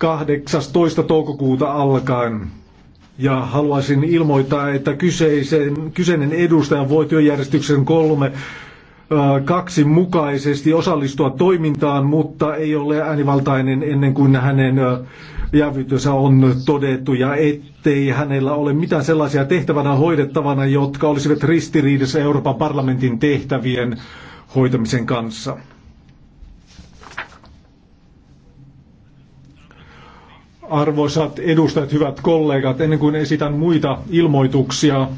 18. toukokuuta alkaen. Ja haluaisin ilmoittaa, että kyseisen, kyseinen edustaja voi työjärjestyksen kolme kaksi mukaisesti osallistua toimintaan, mutta ei ole äänivaltainen ennen kuin hänen jäävytönsä on todettu ja ettei hänellä ole mitään sellaisia tehtävänä hoidettavana, jotka olisivat ristiriidassa Euroopan parlamentin tehtävien hoitamisen kanssa. Arvoisat edustajat, hyvät kollegat, ennen kuin esitän muita ilmoituksia,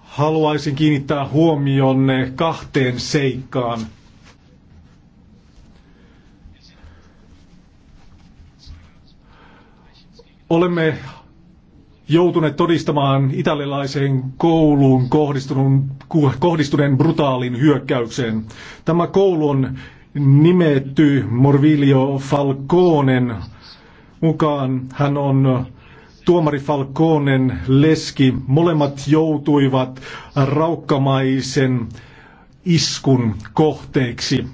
haluaisin kiinnittää huomionne kahteen seikkaan. Olemme joutuneet todistamaan italialaiseen kouluun kohdistuneen brutaalin hyökkäyksen. Tämä koulu on nimetty Morvilio Falconen mukaan. Hän on tuomari Falconen leski. Molemmat joutuivat raukkamaisen iskun kohteeksi.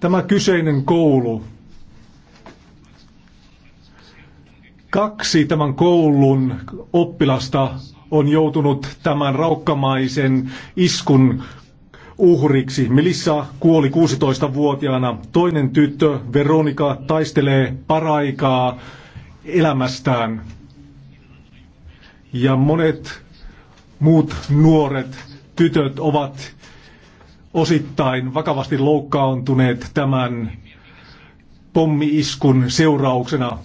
Tämä kyseinen koulu. Kaksi tämän koulun oppilasta on joutunut tämän raukkamaisen iskun uhriksi. Melissa kuoli 16-vuotiaana. Toinen tyttö, Veronika, taistelee paraikaa elämästään. Ja monet muut nuoret tytöt ovat osittain vakavasti loukkaantuneet tämän pommiiskun seurauksena.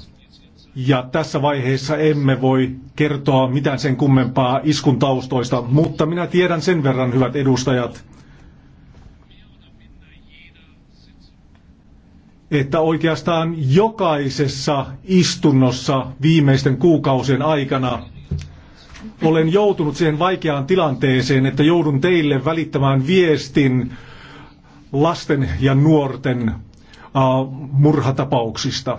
Ja tässä vaiheessa emme voi kertoa mitään sen kummempaa iskun taustoista, mutta minä tiedän sen verran, hyvät edustajat, että oikeastaan jokaisessa istunnossa viimeisten kuukausien aikana olen joutunut siihen vaikeaan tilanteeseen, että joudun teille välittämään viestin lasten ja nuorten uh, murhatapauksista.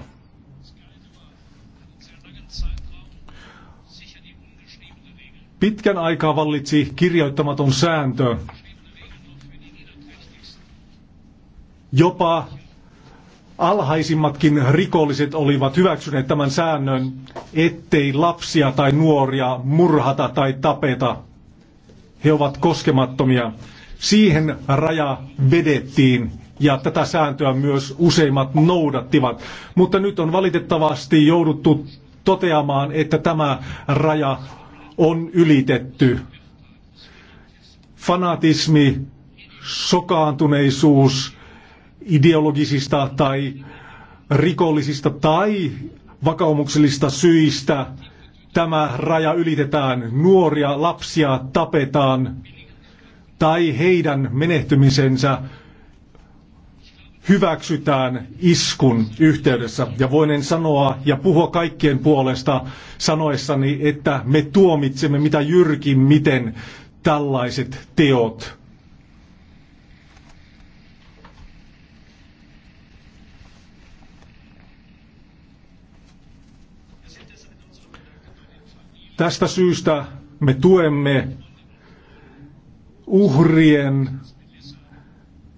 Pitkän aikaa vallitsi kirjoittamaton sääntö. Jopa alhaisimmatkin rikolliset olivat hyväksyneet tämän säännön, ettei lapsia tai nuoria murhata tai tapeta. He ovat koskemattomia. Siihen raja vedettiin ja tätä sääntöä myös useimmat noudattivat. Mutta nyt on valitettavasti jouduttu toteamaan, että tämä raja on ylitetty. Fanatismi, sokaantuneisuus, ideologisista tai rikollisista tai vakaumuksellisista syistä tämä raja ylitetään, nuoria lapsia tapetaan tai heidän menehtymisensä hyväksytään iskun yhteydessä. Ja voinen sanoa ja puhua kaikkien puolesta sanoessani, että me tuomitsemme mitä jyrkin miten tällaiset teot. Tästä syystä me tuemme uhrien,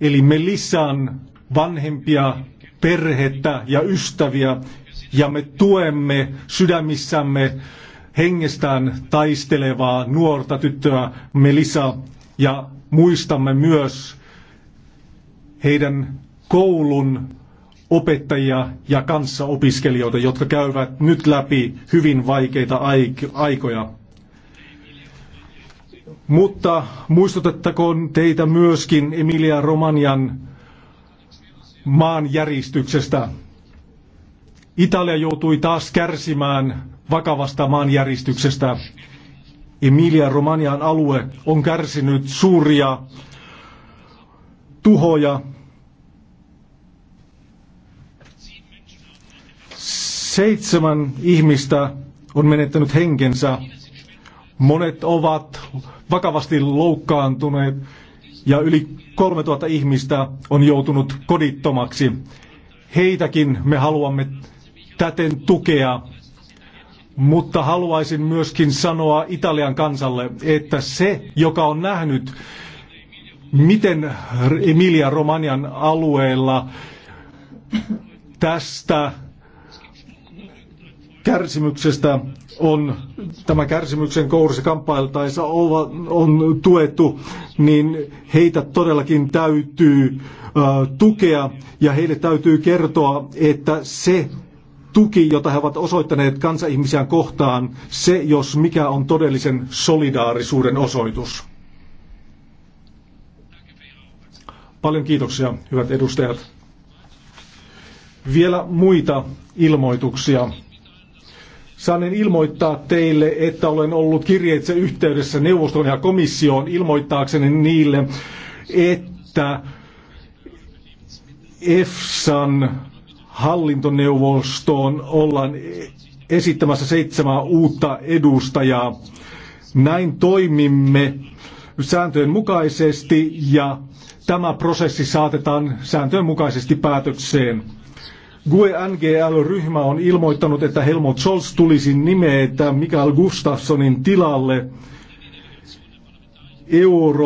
eli Melissan vanhempia, perhettä ja ystäviä, ja me tuemme sydämissämme hengestään taistelevaa nuorta tyttöä Melissa ja muistamme myös heidän koulun opettajia ja kanssaopiskelijoita, jotka käyvät nyt läpi hyvin vaikeita aikoja. Mutta muistutettakoon teitä myöskin Emilia Romanian maanjäristyksestä. Italia joutui taas kärsimään vakavasta maanjäristyksestä. Emilia Romanian alue on kärsinyt suuria tuhoja Seitsemän ihmistä on menettänyt henkensä. Monet ovat vakavasti loukkaantuneet ja yli 3000 ihmistä on joutunut kodittomaksi. Heitäkin me haluamme täten tukea, mutta haluaisin myöskin sanoa Italian kansalle, että se, joka on nähnyt, miten Emilia-Romanian alueella tästä kärsimyksestä on, tämä kärsimyksen kourissa kamppailtaessa on, on tuettu, niin heitä todellakin täytyy tukea ja heille täytyy kertoa, että se tuki, jota he ovat osoittaneet kansaihmisiään kohtaan, se jos mikä on todellisen solidaarisuuden osoitus. Paljon kiitoksia, hyvät edustajat. Vielä muita ilmoituksia. Saanen ilmoittaa teille, että olen ollut kirjeitse yhteydessä neuvoston ja komissioon ilmoittaakseni niille, että EFSAn hallintoneuvostoon ollaan esittämässä seitsemää uutta edustajaa. Näin toimimme sääntöjen mukaisesti ja tämä prosessi saatetaan sääntöjen mukaisesti päätökseen. GUE NGL-ryhmä on ilmoittanut, että Helmut Scholz tulisi nimetä Mikael Gustafssonin tilalle euro